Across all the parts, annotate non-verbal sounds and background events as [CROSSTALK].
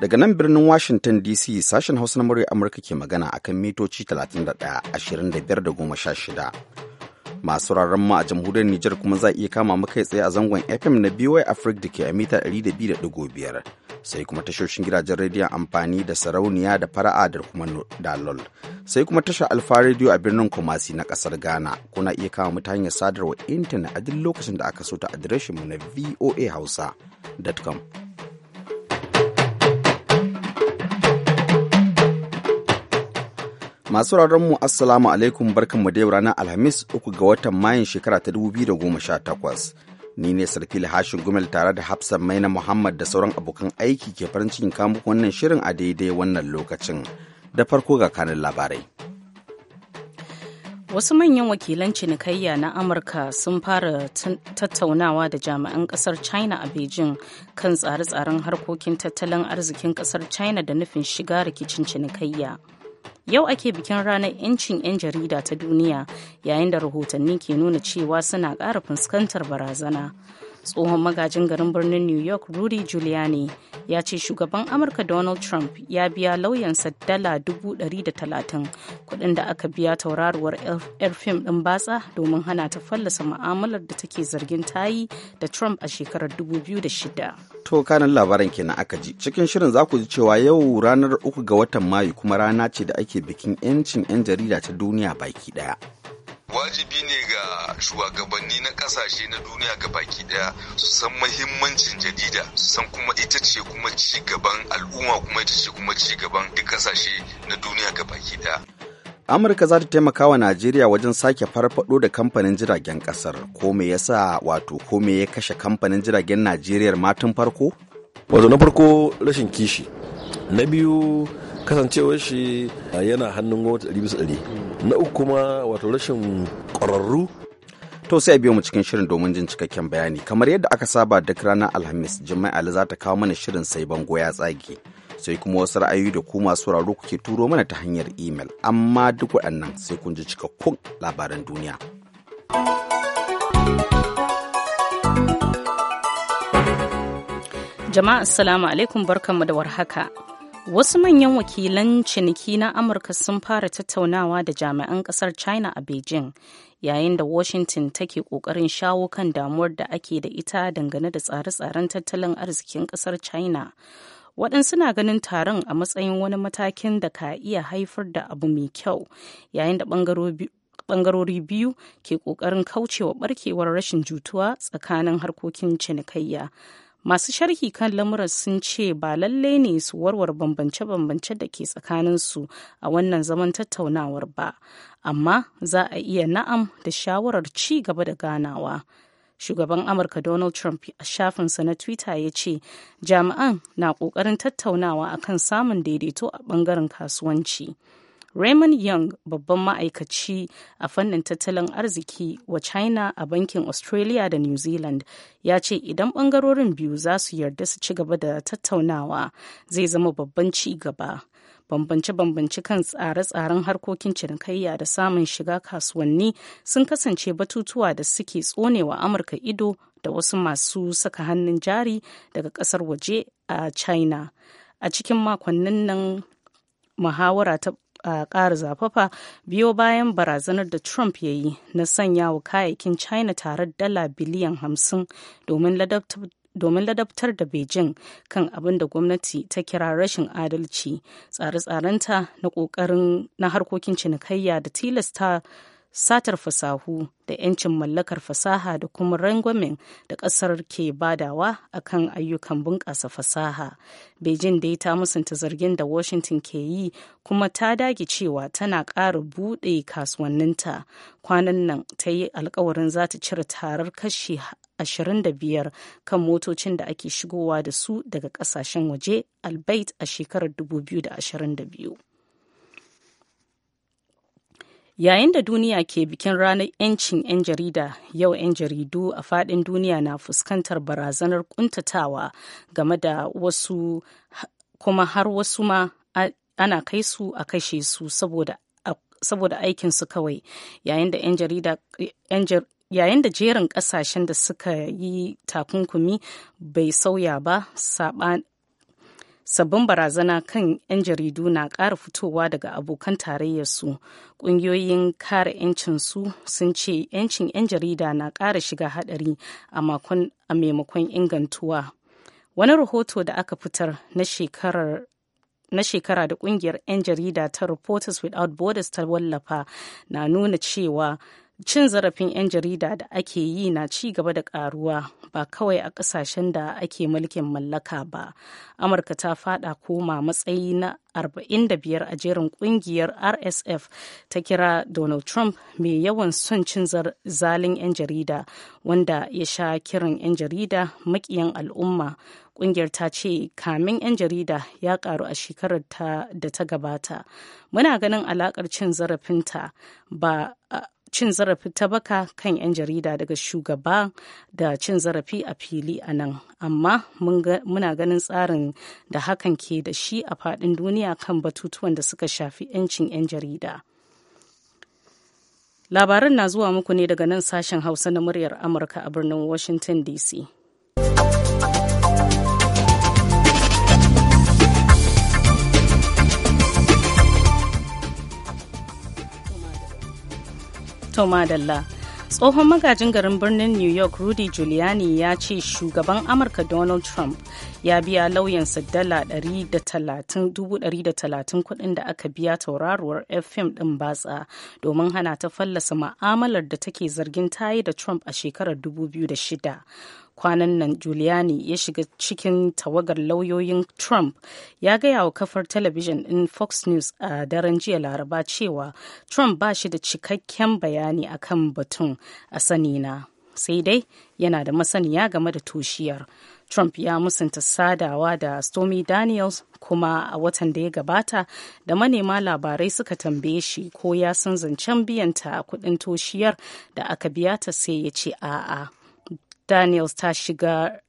Daga nan birnin Washington DC sashen Hausa na murya Amurka ke magana a kan mitoci 31 25 Masu rarren mu a jamhuriyar Nijar kuma za iya kama mu kai tsaye a zangon FM na BY Africa da ke a mita 200.5 sai kuma tashoshin gidajen rediyon amfani da sarauniya da fara'a da kuma dalol sai kuma tashar Alfa Radio a birnin Kumasi na kasar Ghana kuna iya kama mu ta hanyar sadarwa intanet a duk lokacin da aka so ta adireshin mu na voahausa.com. Masu mu Assalamu alaikum barkanmu da yau ranar Alhamis uku ga watan Mayun shekara ta 2018. Ni ne Sarfil Hashin Gumel tare da Hafsan Maina Muhammad da sauran abokan aiki ke farin cikin kamu wannan shirin a daidai wannan lokacin. Da farko ga kanin labarai. Wasu manyan wakilan cinikayya na Amurka sun fara tattaunawa da jami'an kasar China a Beijing kan tsare-tsaren harkokin tattalin arzikin kasar China da nufin shiga rikicin cinikayya. Yau ake bikin ranar 'yancin 'yan jarida ta duniya yayin da rahotanni ke nuna cewa suna ƙara fuskantar barazana. tsohon magajin garin birnin new york rudy giuliani ya ce shugaban amurka donald trump ya biya lauyansa dala 130 kudin da aka biya tauraruwar yar fim din batsa domin hana ta fallasa ma'amalar da take zargin tayi da trump a shekarar 2006 to kanan labaran kenan aka ji cikin shirin za ku ji cewa yau ranar uku ga watan mayu kuma rana ce da ake bikin 'yancin 'yan jarida ta duniya baki daya wajibi ne ga shugabanni na kasashe na duniya ga baki daya su san mahimmancin jarida su san kuma ita ce kuma ci gaban al'umma kuma ita ce kuma ci gaban duk kasashe na duniya ga baki daya amurka za ta taimaka wa najeriya wajen sake farfado da kamfanin jiragen kasar ko me yasa wato ko me ya kashe kamfanin jiragen najeriya matun farko wato na farko rashin kishi na biyu kasancewar shi yana hannun gwamnati na uku kuma wato rashin ƙwararru to sai a biyo mu cikin shirin domin jin cikakken bayani kamar yadda aka saba duk ranar alhamis jima'i ali za ta kawo mana shirin sai bango ya tsage sai kuma wasu ra'ayoyi da ku masu sauraro kuke turo mana ta hanyar imel amma duk waɗannan sai kun ji cikakkun labaran duniya jama'a assalamu alaikum barkanmu da warhaka Wasu manyan wakilan ciniki na Amurka sun fara tattaunawa da jami'an kasar China a Beijing yayin da Washington take ƙoƙarin shawo kan damuwar da ake da ita dangane da tsare-tsaren tattalin arzikin kasar China. Waɗansu suna ganin taron a matsayin wani matakin da ka iya haifar da abu mai kyau yayin da ɓangarori biyu ke ƙoƙarin kaucewa ɓarkewar rashin jutuwa tsakanin harkokin cinikayya. masu sharhi kan lamuran sun ce ba lallai ne su warware bambance-bambance da ke tsakanin su a wannan zaman tattaunawar ba amma za a iya na'am da shawarar ci gaba da ganawa shugaban amurka donald trump a shafinsa na twitter ya ce jami'an na ƙoƙarin tattaunawa akan samun daidaito a bangaren kasuwanci. Raymond Young babban ma'aikaci a fannin tattalin arziki wa China a bankin Australia da New Zealand ya ce idan bangarorin biyu za su yarda su ci gaba da tattaunawa zai zama babban ci gaba. Bambance-bambance kan tsare-tsaren harkokin cinikayya da samun shiga kasuwanni sun kasance batutuwa da suke tsonewa Amurka ido da wasu masu saka hannun jari daga kasar waje a China. A cikin makonnin nan muhawara ta ƙara zafafa biyo bayan barazanar da Trump ya yi na sanya wa kayayyakin China tare dala biliyan hamsin domin ladabtar da Beijing kan abin da gwamnati ta kira rashin adalci tsare-tsarenta na harkokin cinikayya da tilasta satar fasahu da 'yancin mallakar fasaha da kuma rangwamen da ƙasar ke badawa a kan ayyukan bunƙasa fasaha beijing dai ta musanta zargin da washington ke yi kuma ta dage cewa tana ƙara buɗe kasuwanninta kwanan nan ta yi alkawarin za ta cire tarar kashi 25 kan motocin da ake shigowa da su daga ƙasashen waje albait a shekarar 2022 Yayin da duniya ke bikin ranar 'yancin 'yan jarida, yau 'yan jaridu a fadin duniya na fuskantar barazanar kuntatawa game da wasu kuma har wasu ma ana kai su a kashe su saboda aikinsu kawai yayin da 'yan jarida yayin da jerin kasashen da suka yi takunkumi bai sauya ba sabbin barazana kan 'yan jaridu na ƙara fitowa daga abokan tarayyarsu ƙungiyoyin kare 'yancinsu sun ce 'yancin 'yan jarida na ƙara shiga haɗari a maimakon ingantuwa wani rahoto da aka fitar na shekarar na shekara da ƙungiyar 'yan jarida ta reporters without borders ta wallafa na nuna cewa cin zarafin 'yan jarida da ake yi na ci gaba da karuwa ba kawai a kasashen da ake mulkin mallaka ba amurka ta fada koma matsayi na 45 a jerin kungiyar rsf ta kira donald trump mai yawan son cin zalin 'yan jarida wanda ya sha kiran 'yan jarida makiyan al'umma Ƙungiyar ta ce kamin 'yan jarida ya ƙaru a shekarar da ta gabata. Muna ganin alakar cin zarafinta ba cin zarafi ta baka kan 'yan jarida daga shugaba da cin zarafi a fili a nan amma muna ganin tsarin da hakan ke da shi a faɗin duniya kan batutuwan da suka shafi 'yancin 'yan jarida labaran na zuwa muku ne daga nan sashen hausa na muryar amurka a birnin washington dc to madalla tsohon magajin garin birnin new york rudy giuliani ya ce shugaban amurka donald trump ya biya lauyansa dala 130,000 kudin da aka biya tauraruwar fm din batsa domin hana ta fallasa ma'amalar da take zargin tayi da trump a shekarar 2006 kwanan nan Giuliani ya shiga cikin tawagar lauyoyin Trump ya gaya wa kafar talabijin ɗin Fox News a daren jiya Laraba cewa Trump ba shi da cikakken bayani a kan batun a sanina. Sai dai yana da masaniya game da toshiyar. Trump ya musanta sadawa da Stormy Daniels kuma a watan da ya gabata da manema labarai suka tambaye shi ko ya san zancen biyanta a kuɗin toshiyar da aka biya ta sai ya ce a'a. Daniels ta shigar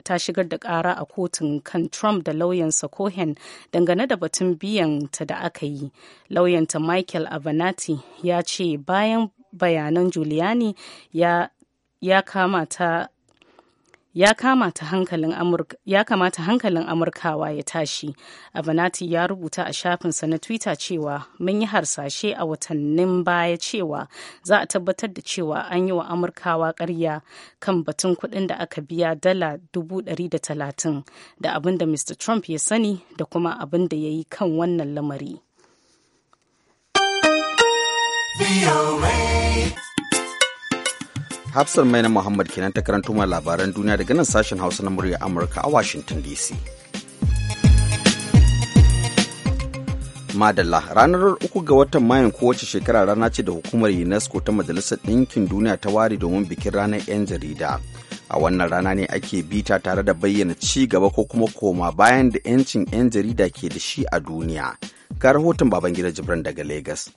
da ƙara a kotun kan Trump da lauyansa Cohen dangane da batun biyan ta da aka yi. Lauyanta Michael Avenatti ya ce bayan bayanan Giuliani ya, ya kama ta ya kamata hankalin amurkawa ya tashi abanati ya rubuta a shafinsa na twitter cewa mun yi harsashe a watannin baya cewa za a tabbatar da cewa an yi wa amurkawa karya kan batun kudin da aka biya dala 130 da abin da mr trump ya sani da kuma abin da ya yi kan wannan lamari. Hafsar Maina Muhammad kenan ta karanto ma labaran duniya daga nan sashen Hausa na murya Amurka a Washington DC. Madalla ranar uku ga watan Mayun kowace shekara rana ce da hukumar UNESCO ta Majalisar Ɗinkin Duniya ta ware domin bikin ranar 'yan jarida. A wannan rana ne ake bita tare da bayyana ci gaba ko kuma koma bayan da 'yancin 'yan jarida ke da shi a duniya. Ga rahoton Babangida Jibran daga Legas.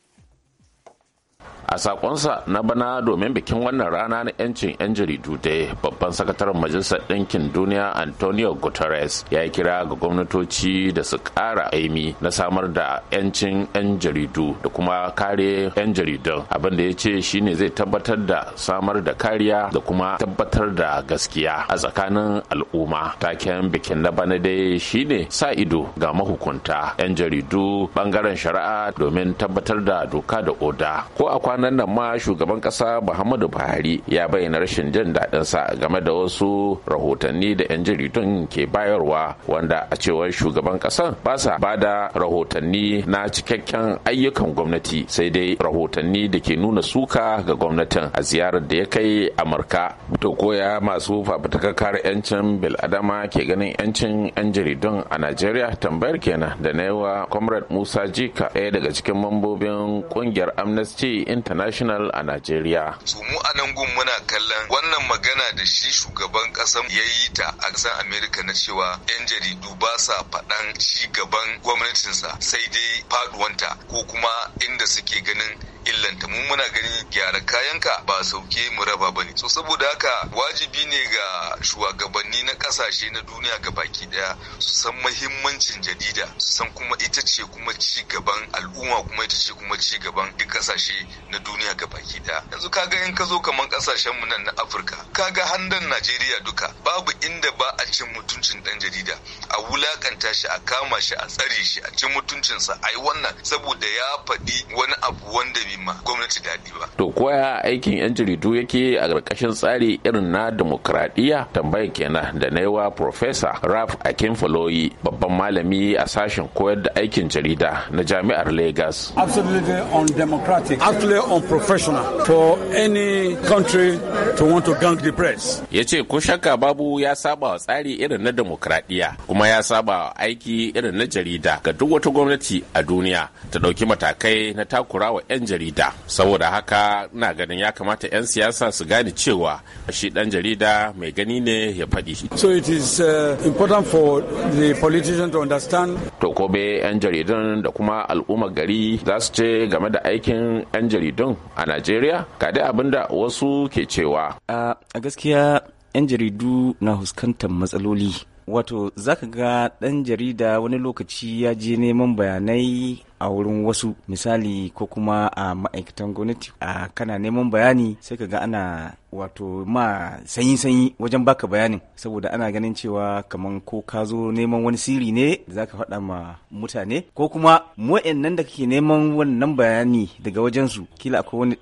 a sakonsa na bana domin bikin wannan rana na 'yancin 'yan jaridu dai babban sakataren majalisar ɗinkin duniya antonio guterres ya yi kira ga gwamnatoci da su ƙara aimi na samar da 'yancin 'yan jaridu da kuma kare 'yan jaridun abin da ya ce shine zai tabbatar da samar da kariya da kuma tabbatar da gaskiya a tsakanin al'umma taken bikin na bana dai shine sa ido ga mahukunta 'yan jaridu bangaren shari'a domin tabbatar da doka da oda ko akwai kwanan nan ma shugaban kasa muhammadu buhari ya bayyana rashin jin daɗinsa game da wasu rahotanni da 'yan jaridun ke bayarwa wanda a cewar shugaban kasan ba sa ba da rahotanni na cikakken ayyukan gwamnati sai dai rahotanni da ke nuna suka ga gwamnatin a ziyarar da ya kai amurka to koya masu fafutukar kare 'yancin biladama ke ganin 'yancin 'yan jaridun a najeriya tambayar kenan da na wa comrade musa jika ɗaya daga cikin mambobin kungiyar amnesty international a najeriya su mu a nan gun muna kallon wannan magana da shi shugaban kasan ya yi ta a ƙasar america na cewa yan jaridu ba sa faɗan ci gaban gwamnatinsa sai dai faduwanta ko kuma inda suke ganin illanta mu muna ganin gyara kayanka ba sauke mu raba bane so saboda haka wajibi ne ga shugabanni na kasashe na duniya ga baki daya su san mahimmancin jarida su san kuma ita ce kuma ci gaban al'umma kuma ita ce kuma ci gaban duk kasashe na duniya baki daya yanzu kaga in ka zo kaman kasashen mu nan na afirka kaga handan najeriya duka babu inda ba a cin mutuncin dan jarida a wulakanta shi a kama shi a tsare shi a cin mutuncinsa a yi wannan saboda ya faɗi wani abu wanda bai ma gwamnati daɗi ba to koya aikin yan jaridu yake a ƙarƙashin tsari irin na demokradiyya tambayar kenan da na naiwa professor raf akinfoloyi babban malami a sashen koyar da aikin jarida na jami'ar lagos absolutely undemocratic absolutely unprofessional for any country to want to gang the press. Ya ce ko shakka babu ya saba wa tsari irin na demokradiyya kuma ya saba wa aiki irin na jarida ga duk wata gwamnati a duniya ta ɗauki matakai na takura wa 'yan jarida. Saboda haka na ganin ya kamata 'yan siyasa su gane cewa shi ɗan jarida mai gani ne ya faɗi. So it is uh, important for the politician to understand. To kobe 'yan jaridan da kuma al'ummar gari za su ce game da aikin 'yan jarida jaridun a najeriya ga dai abin da wasu ke cewa a gaskiya 'yan jaridu na huskantar matsaloli wato zaka ga ɗan jarida wani lokaci ya je neman bayanai a wurin wasu misali ko kuma a ma'aikatan gwamnati a kana neman bayani sai ka ga ana wato ma sanyi-sanyi wajen baka bayanin saboda ana ganin cewa kamar ko ka zo neman wani siri ne za ka faɗa ma mutane ko kuma nan da kake neman wannan bayani daga wajensu kila akwai wani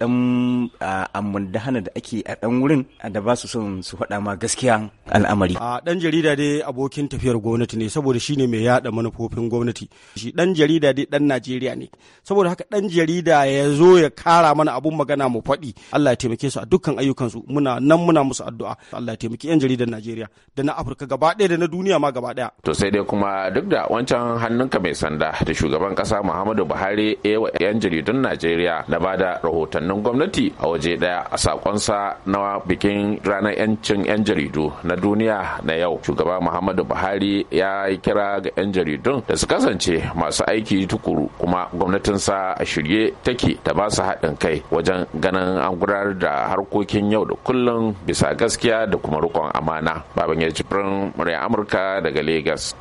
ɗan hana da ake a dan wurin da ba su son su faɗa ma gaskiya al'amari. a ɗan jarida dai abokin tafiyar gwamnati ne saboda shine mai yaɗa manufofin gwamnati shi ɗan jarida dai ɗan najeriya Najeriya ne saboda haka dan jarida ya zo ya kara mana abun magana mu faɗi Allah ya taimake su a dukkan ayyukansu muna nan muna musu addu'a Allah ya taimaki yan jaridar Najeriya da na Afirka gaba ɗaya da na duniya ma gaba ɗaya to sai dai kuma duk da wancan hannunka mai sanda da shugaban ƙasa Muhammadu Buhari ya wa yan jaridun Najeriya na da rahotannin gwamnati a waje daya a sakonsa na bikin ranar yancin yan jaridu na duniya na yau shugaba Muhammadu Buhari ya yi kira ga yan jaridun da su kasance masu aiki tukuru kuma gwamnatinsa a shirye take ta ba su haɗin kai wajen ganin an gudanar da harkokin yau da kullum bisa gaskiya da kuma rikon amana baban ya jibrin murya amurka daga lagos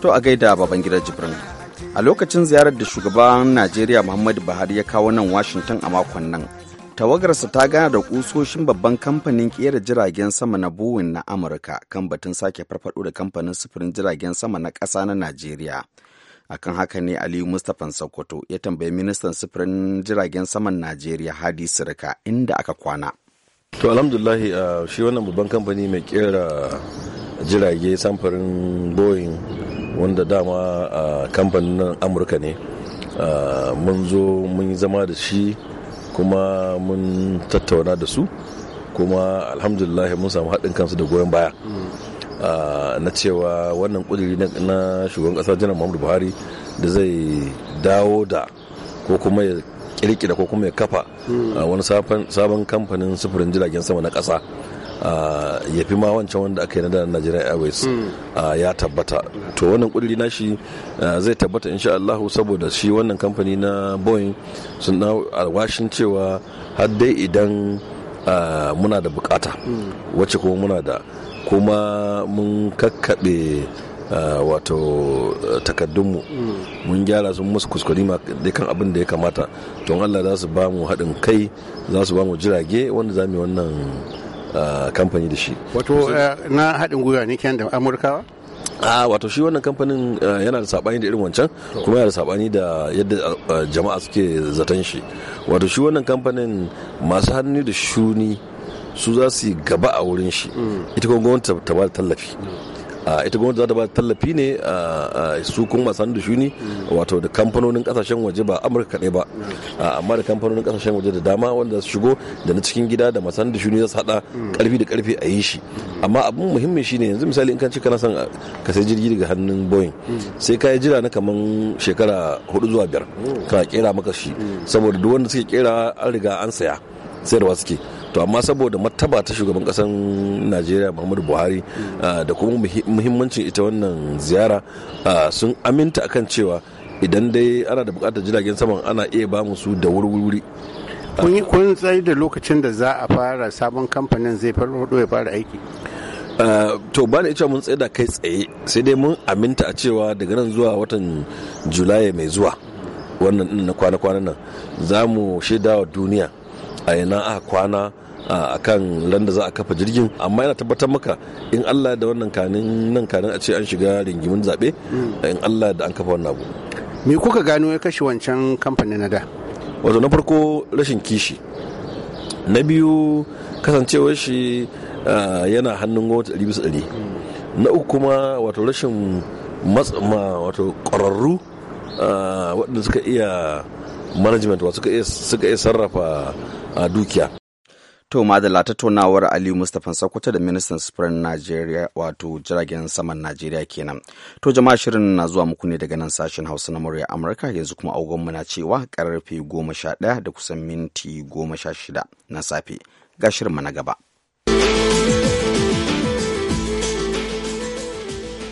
to a gaida baban gida jibrin a lokacin ziyarar da shugaban najeriya muhammadu buhari ya kawo nan washington a makon nan tawagarsa ta gana da kusoshin babban kamfanin kera jiragen sama na bowen na amurka kan batun sake farfado da kamfanin sufurin jiragen sama na ƙasa na najeriya akan haka ne aliyu mustapha sokoto ya tambayi ministan sufurin jiragen saman najeriya hadi sirika inda aka kwana to alhamdulahi uh, shi wannan babban kamfani mai kera jirage samfurin boeing wanda dama uh, kamfanin amurka ne uh, mun zo mun yi zama da shi kuma mun tattauna da su kuma alhamdulillah mun samu haɗin kansu da goyon baya mm. ah, na cewa wannan kuduri na shugaban ƙasa janar muhammadu buhari da zai dawo da ko kuma ya kirkira ko kuma ya kafa mm. ah, wani sabon kamfanin sufurin jiragen sama na ƙasa Ah, ya fi ma wancan wanda aka yi na Nigerian Airways hmm. ah, ya tabbata to wannan kudiri na shi ah, zai tabbata insha Allah saboda shi wannan kamfani na Boeing sun na alwashin cewa har dai idan muna da bukata hmm. wacce kuma muna da kuma mun kakkaɓe wato takaddunmu hmm. mun gyara sun musu kuskure ma kan abin da ya kamata to Allah za su ba mu haɗin kai za su ba mu jirage wanda za mu yi wannan kamfani da shi wato eh, na haɗin gwiwa ne kyan da amurkawa a wato shi wannan kamfanin eh, yana da sabani da irin wancan kuma yana da sabani da yadda eh, jama'a suke zaton shi wato shi wannan kamfanin masu hannu da shuni su za su yi gaba a wurin shi mm. ita kuma gwamnati ta ba da tallafi mm. Ah, ita gwamnati za ta ba tallafi ne ah, ah, su kuma masu da shuni wato da kamfanonin kasashen waje ba amurka kaɗai ba amma da kamfanonin kasashen waje da dama wanda su shigo da na cikin gida da masu da shuni za su haɗa ƙarfi da ƙarfi a yi shi amma abin muhimmin shine yanzu misali in kan ci kana son ka sai jirgi daga hannun boeing sai ka yi jira na kaman shekara hudu zuwa biyar ka kera maka shi saboda duk wanda suke kera an riga an saya sayarwa suke to amma saboda martaba ta shugaban kasan najeriya muhammadu buhari mm. ah, da kuma muhimmancin ita wannan ziyara ah, sun aminta akan cewa idan dai ana da bukatar jiragen saman ana iya ba su da wuri-wuri kun ah. tsaye da lokacin da za a fara sabon kamfanin zai farfado ya fara aiki to ba da cewa mun tsaye da kai tsaye sai dai mun aminta a cewa daga nan zuwa watan julai mai zuwa wannan na kwana-kwanan nan za mu shaida wa duniya a yana a kwana a kan landa za a kafa jirgin amma yana tabbatar maka in allah da wannan kanin nan kanin a ce an shiga ringimin zaɓe hmm. in allah da an kafa wannan abu me kuka gano ya kashe wancan kamfanin na da wato na farko rashin kishi na biyu kasancewar shi yana hannun gwamnati ɗari bisa ɗari hmm. na uku kuma wato rashin matsama wato ƙwararru waɗanda suka iya management wato suka iya sarrafa dukiya To madalla tattaunawar Aliyu Mustapha Sokoto da ministan sufurin Najeriya wato jiragen saman Najeriya kenan. To jama'a shirin na zuwa muku ne daga nan sashen Hausa na murya Amurka yanzu kuma agogonmu na cewa karfe goma sha ɗaya da kusan minti goma sha shida na safe ga shirin na gaba.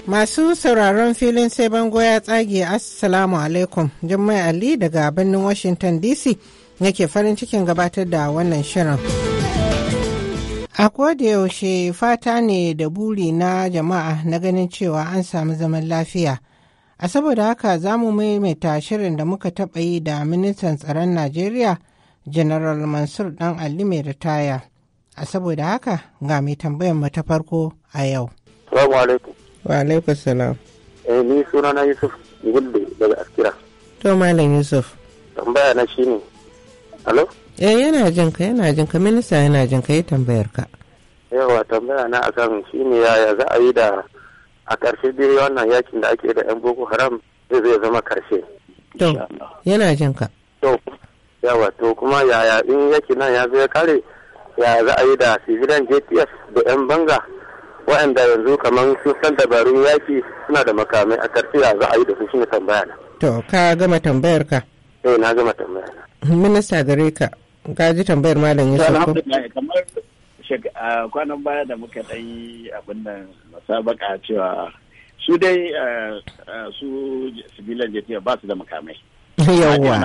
Masu sauraron filin sai bango ya tsage Assalamu alaikum Jummai Ali daga birnin Washington DC nake farin cikin gabatar da wannan shirin. A yaushe fata ne da buri na jama'a na ganin cewa an samu zaman lafiya. A saboda haka za mu maimaita shirin da muka taɓa yi da ministan tsaron Najeriya, General Mansur Dan Ali mai ritaya. A saboda haka ga mai tambayar mu ta farko a yau. Salamu alaikum. Wa alaikum salam. Eh ni suna na Yusuf Gullu daga Askira. To Malam Yusuf. Tambaya na shine. Alo? eh yana jin ka yana jin ka minista yana jin ka yi tambayar ka yawa tambaya na akan shine yaya za a yi da a karshe dai wannan yakin da ake da 'yan boko haram zai zama ƙarshe to yana jin ka to yawa to kuma yaya in yake nan ya zai kare ya za a yi da civilian jts da 'yan banga waɗanda yanzu kamar sun san dabarun yaki suna da makamai a ƙarshe ya za a yi da su shine tambaya na to ka gama tambayar ka eh na gama tambayar na minista gare ka Ka ji tambayar malam ya sauko kamar kwanan baya da muka dan yi abin nan musabaka cewa su dai su sibilan jetiya ba su da makamai [LAUGHS] yawwa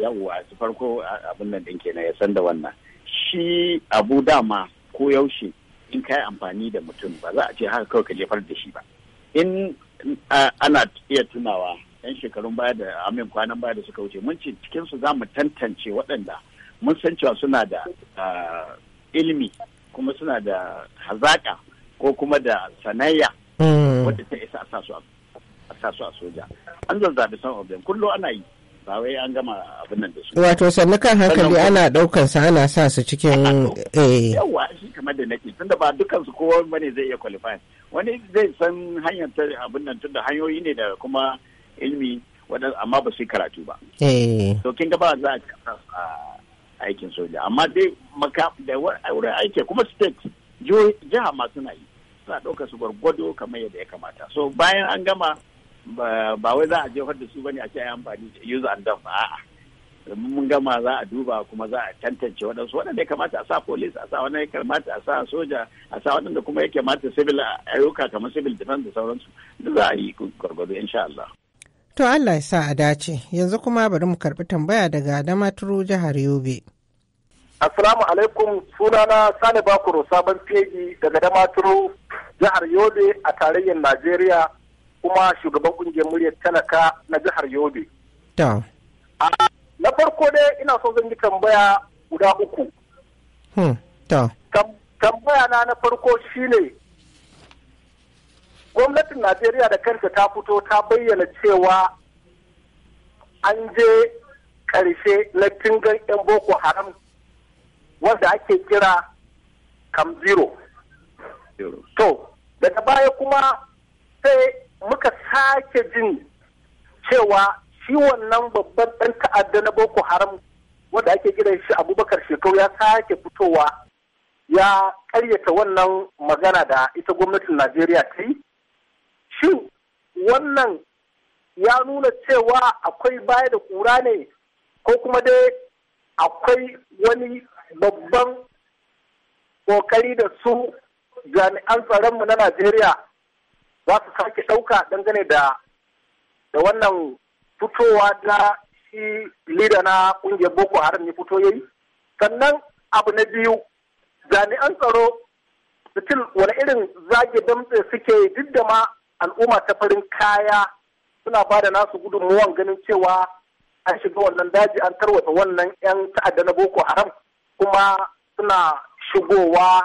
yawwa su farko abin nan ɗin kenan ya san da wannan shi abu dama ko yaushe in ka amfani da mutum ba za a ce haka kawai ka jefar da shi ba in ana iya tunawa 'yan shekarun baya da amin kwanan baya da suka wuce mun ce cikin su za mu tantance waɗanda mun san cewa suna da ah, ilimi kuma suna da hazaƙa ko kuma da sanayya hmm. wadda ta isa a sa su a soja an zazzabi san obin kullum ana yi ba wai an gama abin nan da su wato sannu kan hankali ana ɗaukan sa ana sa su cikin eh. yawa shi kamar da nake da ba dukkan su kowa bane zai iya qualify wani zai san hanyar abin nan tun da hanyoyi ne da kuma ilmi waɗanda amma ba su yi karatu ba. To eh. kin gaba za a kasa aikin soja amma dai maka da wurin aiki kuma state jiha ma suna yi suna ɗauka su gwargwado kamar yadda ya kamata. So bayan an gama ba wai za a jefar da su bane a ce ai amfani use and dump a'a. mun gama za a duba kuma za a tantance waɗansu waɗanda ya kamata a sa polis a sa wani ya kamata a sa soja a sa waɗanda kuma ya kamata civil ayyuka kamar civil defense da sauransu duk za a yi gwargwado insha Allah. To Allah ya sa a dace, yanzu kuma bari mu karɓi tambaya daga Damaturu jihar Yobe. Assalamu alaikum sunana Sani Bakuro sabon fegi daga Damaturu jihar Yobe a tarayyar Najeriya kuma shugaban kungiyar muryar talaka na jihar Yobe. To. Na farko dai ina so zan yi tambaya guda uku. Hmm. To. Tambaya na na farko shine gwamnatin najeriya da kanta ta fito ta bayyana cewa an je ƙarshe na tingan 'yan boko haram wanda ake kira kam zero to daga baya kuma sai muka sake jin cewa shi wannan babban ɗan ta'adda na boko haram wanda ake kiran shi abubakar shekau ya sake fitowa ya karyata wannan magana da ita gwamnatin najeriya ta yi shin wannan ya nuna cewa akwai baya da kura ne ko kuma dai akwai wani babban kokari da su jami'an tsaronmu na najeriya za su sake ɗauka dangane da da wannan fitowa da shi lida na ƙungiyar boko haram ya fito yayi sannan abu na biyu jami'an tsaro sutil wani irin zage damtse suke duk da ma al'umma ta farin kaya suna ba da nasu gudunmuwan ganin cewa an shiga wannan daji an tarwata wannan 'yan ta'adda na boko haram kuma suna shigowa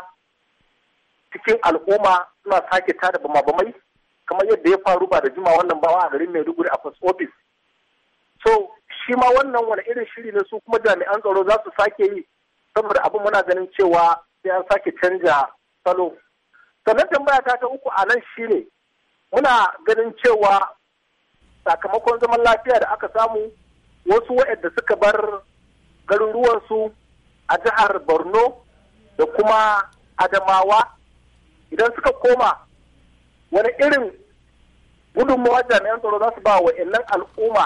cikin al'umma suna sake tada bama-bamai kamar yadda ya faru ba da juma wannan bawa a garin maiduguri a post office so shi ma wannan wani irin shiri ne su kuma jami'an tsaro za su sake yi saboda abin muna ganin cewa sai an sake canja salo sannan tambaya ta ta uku a nan shi ne. muna ganin cewa sakamakon zaman lafiya da aka samu wasu waɗanda suka bar garuruwansu a jihar borno da kuma adamawa idan suka koma wani irin gudunmawa jami'an tsaro za su ba wa al'umma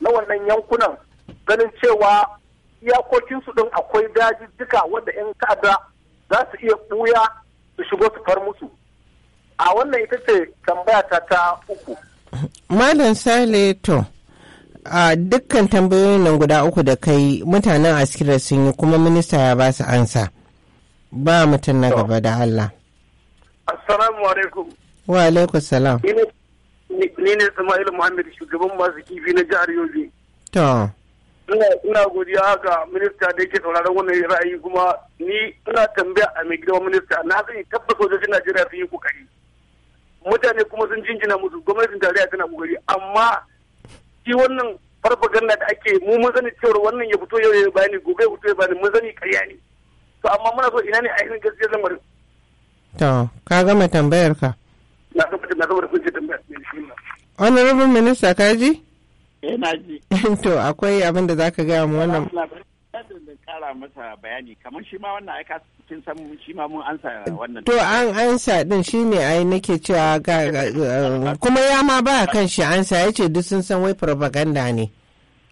na wannan yankunan ganin cewa iyakokinsu ɗin akwai dajijjika wanda 'yan ta'adda za su iya ɓuya su shigo su far musu a wannan ita ce tambaya ta ta uku malam sale to a dukkan tambayoyin nan guda uku da kai mutanen askira sun yi kuma minista ya ba su ansa ba mutum na gaba da allah assalamu alaikum wa alaikum salam ni ne Ismail Muhammad shugaban masu kifi na jihar Yobe. To. Ina godiya haka minista da yake sauraron wannan ra'ayi kuma ni ina tambaya a mai gidan minista na sani tabbas sojojin Najeriya sun yi kokari. mutane kuma sun jinjina musu gwamnatin tarayya tana kokari amma shi wannan farfaganda da ake mu mun sani cewa wannan ya fito yau ya bayani gobe ya fito ya bayani mun sani karya ne to amma muna so ina ne gaskiya zan bari to ka gama tambayar ka na gama na gama kun ce tambayar honorable minister ka ji eh na ji [LAUGHS] to akwai abin da zaka gaya mu wannan kara masa bayani kamar shi ma wannan aika kin san shi ma mun ansa wannan to an ansa din shine ai nake cewa ga kuma ya ma ba kan shi ansa yace duk sun san wai propaganda ne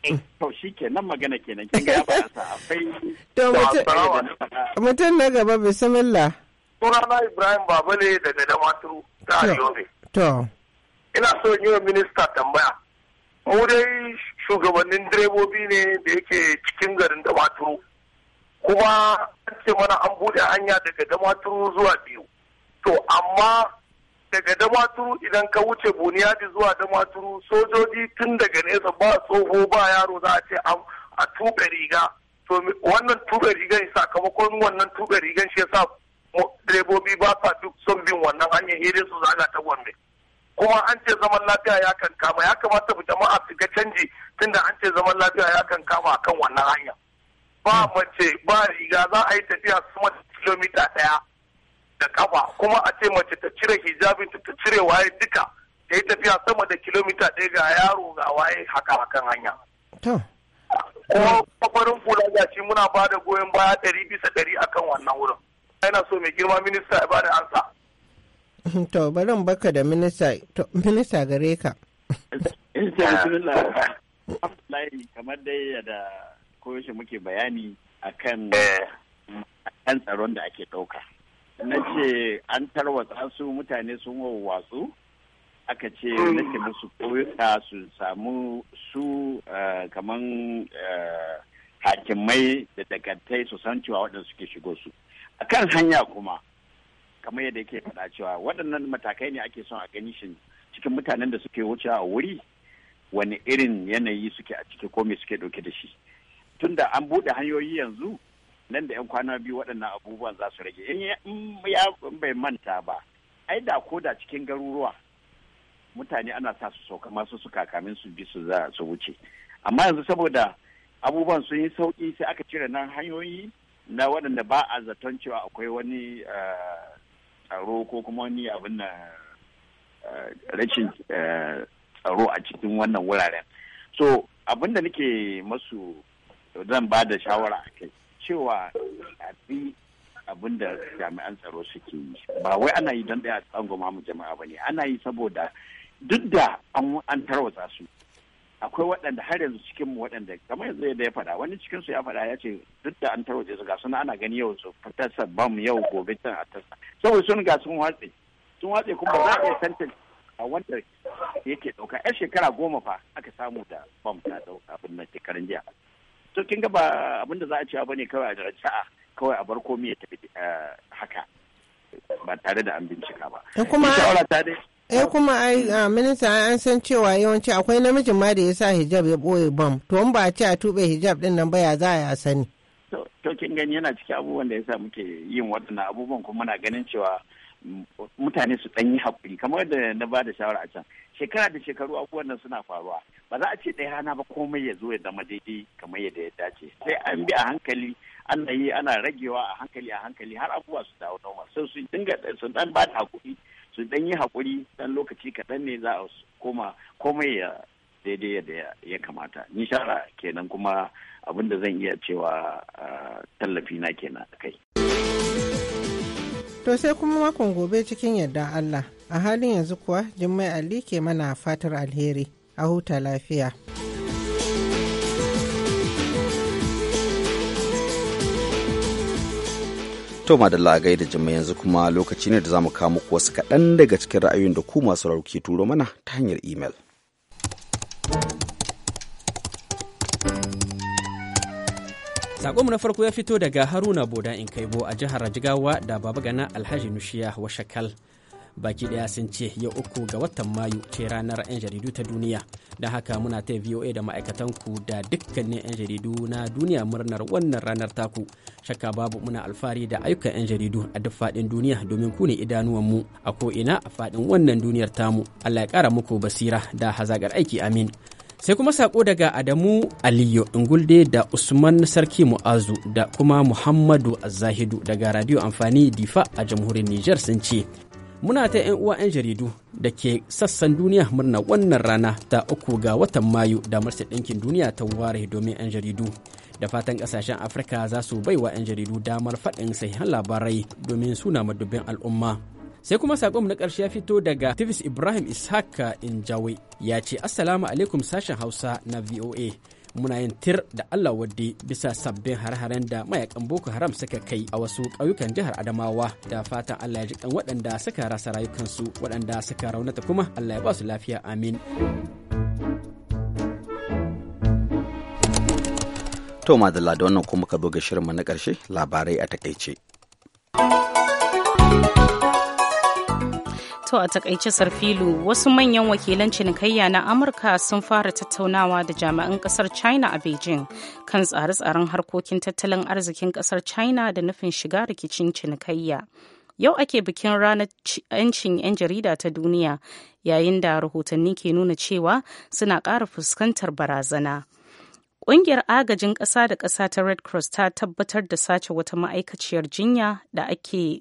eh, to shi ke nan magana kenan kin ga ba ansa akwai [LAUGHS] to mutum na gaba bismillah sunana Ibrahim Babale daga Damaturu ta Yobe to ina so yi wa minista tambaya mu dai shugabannin direbobi ne da yake cikin garin damaturu kuma an ce mana an bude hanya daga damaturu zuwa biyu to amma daga damaturu idan ka wuce buniyadi zuwa damaturu sojoji tun daga nesa ba tsoho ba yaro za a ce a tuɓe riga to wannan tuɓe rigan sakamakon wannan tuɓe rigan shi yasa direbobi ba sa duk son bin wannan hanyar irin su zaga ta gombe kuma an ce zaman lafiya ya kan kama ya kamata mu jama'a su ga canji tunda an ce zaman lafiya ya kan kama kan wannan hanya ba hmm. mace ba riga za a yi tafiya sama kilomita ɗaya da kafa kuma a ce mace ta cire hijabin ta cire waye duka ta yi tafiya sama da kilomita ɗaya ga yaro ga waye haka kan hanya kuma kwakwarin kula ga shi muna ba da goyon baya ɗari bisa ɗari a kan wannan wurin yana so mai girma minista ya ba da ansa [LAUGHS] To barin baka da minista gare ka. kamar dai da koyaushe muke bayani akan kan tsaron da ake ɗauka. Na ce an tarwatsa su mutane sun wawwatsu aka ce na ce musu koyuka su samu su eh, kamar eh, hakimai da dagantai su san cewa waɗanda suke shigo su. Akan hanya kuma kamar yadda yake faɗa cewa waɗannan matakai ne ake son a gani shi cikin mutanen da suke wuce a wuri wani irin yanayi suke a ciki ko me suke ɗauke da shi tunda an buɗe hanyoyi yanzu nan da 'yan kwana biyu waɗannan abubuwan za su rage in ya bai manta ba ai da ko da cikin garuruwa mutane ana sa su sauka masu suka kamin su bi su za su wuce amma yanzu saboda abubuwan sun yi sauƙi sai aka cire nan hanyoyi na waɗanda ba a zaton cewa akwai wani eh, tsaro ko kuma wani abin na eh, rashin eh, tsaro a cikin wannan wuraren so abin da nake masu zan ba da shawara a kai cewa a fi abin da jami'an tsaro suke yi ba wai ana yi don daya tsangoma mu jama'a ba ne ana yi saboda duk da an tarwatsa su akwai waɗanda har yanzu cikin mu waɗanda kamar yanzu yadda ya faɗa wani cikin su ya faɗa ya ce duk da an tarwaje su ga suna ana gani yau su ba bam yau gobe can a tasa saboda sun ga sun watse sun watse kuma za a iya tantan a wanda yake ɗauka yar shekara goma fa aka samu da bam ta ɗauka abin nan shekarun jiya to kin ga ba abin da za a ba ne kawai a sa'a kawai a bar komi ya tafi eh, haka ba tare da an bincika ba. eh kuma ai a minista an san cewa yawanci akwai namijin ma da ya sa hijab ya boye bam to ba a ce a tube hijab din nan ba ya za a sani to kin gani yana ciki abubuwan da ya sa muke yin waɗannan abubuwan kuma muna ganin cewa mutane su ɗan yi haƙuri kamar yadda na ba da shawara a can shekara da shekaru abubuwan nan suna faruwa ba za a ce ɗaya rana ba komai ya zo ya zama daidai kamar yadda ya dace sai an bi a hankali ana yi ana ragewa a hankali a hankali har abubuwa su dawo normal sai su dinga sun ɗan ba da haƙuri su dan yi haƙuri dan lokaci kaɗan ne za a koma komai ya daidai yadda ya kamata nishara kenan kuma abin da zan iya cewa tallafi na kenan kai to sai kuma makon gobe cikin yadda Allah a halin yanzu kuwa jimma'i Ali ke mana fatar alheri a huta lafiya To madalla a gaida jimma yanzu kuma lokaci ne da za mu kawo muku wasu kaɗan daga cikin ra'ayoyin da ku masu rauke turo mana ta hanyar imel. Sakonmu na farko ya fito daga Haruna Boda Inkaibo a jihar jigawa da Babagana Alhaji Nushiya Washakal. baki daya sun ce ya uku ga watan mayu ce ranar 'yan jaridu ta duniya don haka muna ta voa da ma'aikatan ku da dukkanin 'yan jaridu na duniya murnar wannan ranar taku shakka babu muna alfahari da ayyukan 'yan jaridu a duk faɗin duniya domin ku ne mu a ko ina a faɗin wannan duniyar tamu allah ya kara muku basira da hazaƙar aiki amin sai kuma sako daga adamu aliyu ingulde da usman sarki mu'azu da kuma muhammadu azahidu daga radio amfani difa a jamhuriyar niger sun ce muna ta 'yan uwa 'yan jaridu da ke sassan duniya murna wannan rana ta uku ga watan mayu da majalisar ɗinkin duniya ta ware domin 'yan jaridu da fatan ƙasashen afirka za su baiwa 'yan jaridu damar faɗin sahihan labarai domin suna madubin al'umma sai kuma saƙon na ƙarshe ya fito daga tivis ibrahim ishaka injawe ya ce assalamu alaikum sashen hausa na voa muna yin tir da Allah wadde bisa sabbin har-haren da mayakan Boko Haram suka kai a wasu ƙauyukan jihar Adamawa da fatan Allah ya ji kan waɗanda suka rasa rayukansu waɗanda suka raunata kuma Allah ya ba su lafiya amin. To madalla da wannan kuma ka zo ga shirinmu na ƙarshe labarai a takaice. To a takaice sarfilu wasu manyan wakilan cinikayya na Amurka sun fara tattaunawa da jami'an kasar China a Beijing kan tsare-tsaren harkokin tattalin arzikin kasar China da nufin shiga rikicin cinikayya. Yau ake bikin ranar 'yancin 'yan jarida ta duniya yayin da rahotanni ke nuna cewa suna ƙara fuskantar barazana. Ƙungiyar agajin ƙasa da ƙasa ta Red Cross ta tabbatar da sace wata ma'aikaciyar jinya da ke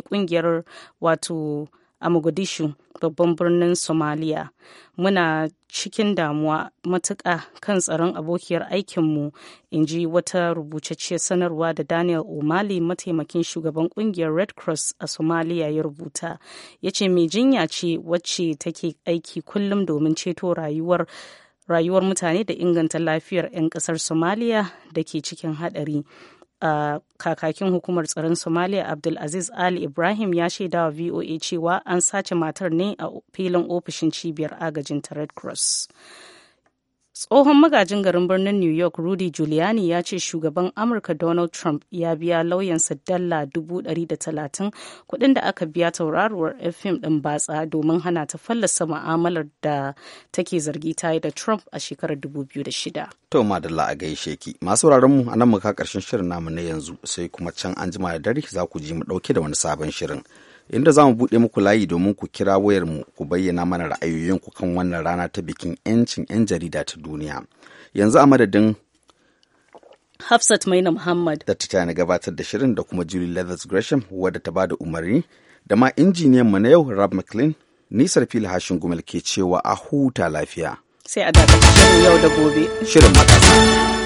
ƙungiyar wato a mogadishu babban birnin somaliya muna cikin damuwa matuƙa kan tsaron abokiyar aikinmu in ji wata rubutacciyar sanarwa da daniel o'malley mataimakin shugaban ƙungiyar red cross a somaliya ya rubuta ya ce mai jinya ce wacce take aiki kullum domin ceto rayuwar rayuwar mutane da inganta lafiyar 'yan kasar somaliya da ke cikin haɗari a kakakin hukumar tsaron Somalia Abdulaziz Ali Ibrahim ya shaida wa VOA cewa an sace matar ne a filin ofishin cibiyar agajin ta Red Cross. tsohon magajin garin birnin new york rudy giuliani ya ce shugaban amurka donald trump ya biya lauyansa dala 130,000 kuɗin da aka biya tauraruwar fm ɗin batsa domin hana ta fallasa ma'amalar da take zargi ta yi da trump a shekarar 2006 to madalla a gaishe ki masu mu a nan muka karshen shirin namu na yanzu sai kuma can an jima da dare za ku ji mu ɗauke da wani sabon shirin inda za mu buɗe muku layi domin ku kira wayarmu ku bayyana mana ra'ayoyinku kan wannan rana ta bikin 'yancin 'yan jarida ta duniya. Yanzu a madadin Hafsat Maina Muhammad da ta na gabatar da shirin da kuma Julie Leathers Gresham wadda ta bada umarni da ma injiniyan mu na yau Rob McLean nisar fili hashin Gumal ke cewa a huta lafiya. Sai a da yau da gobe. Shirin makasa.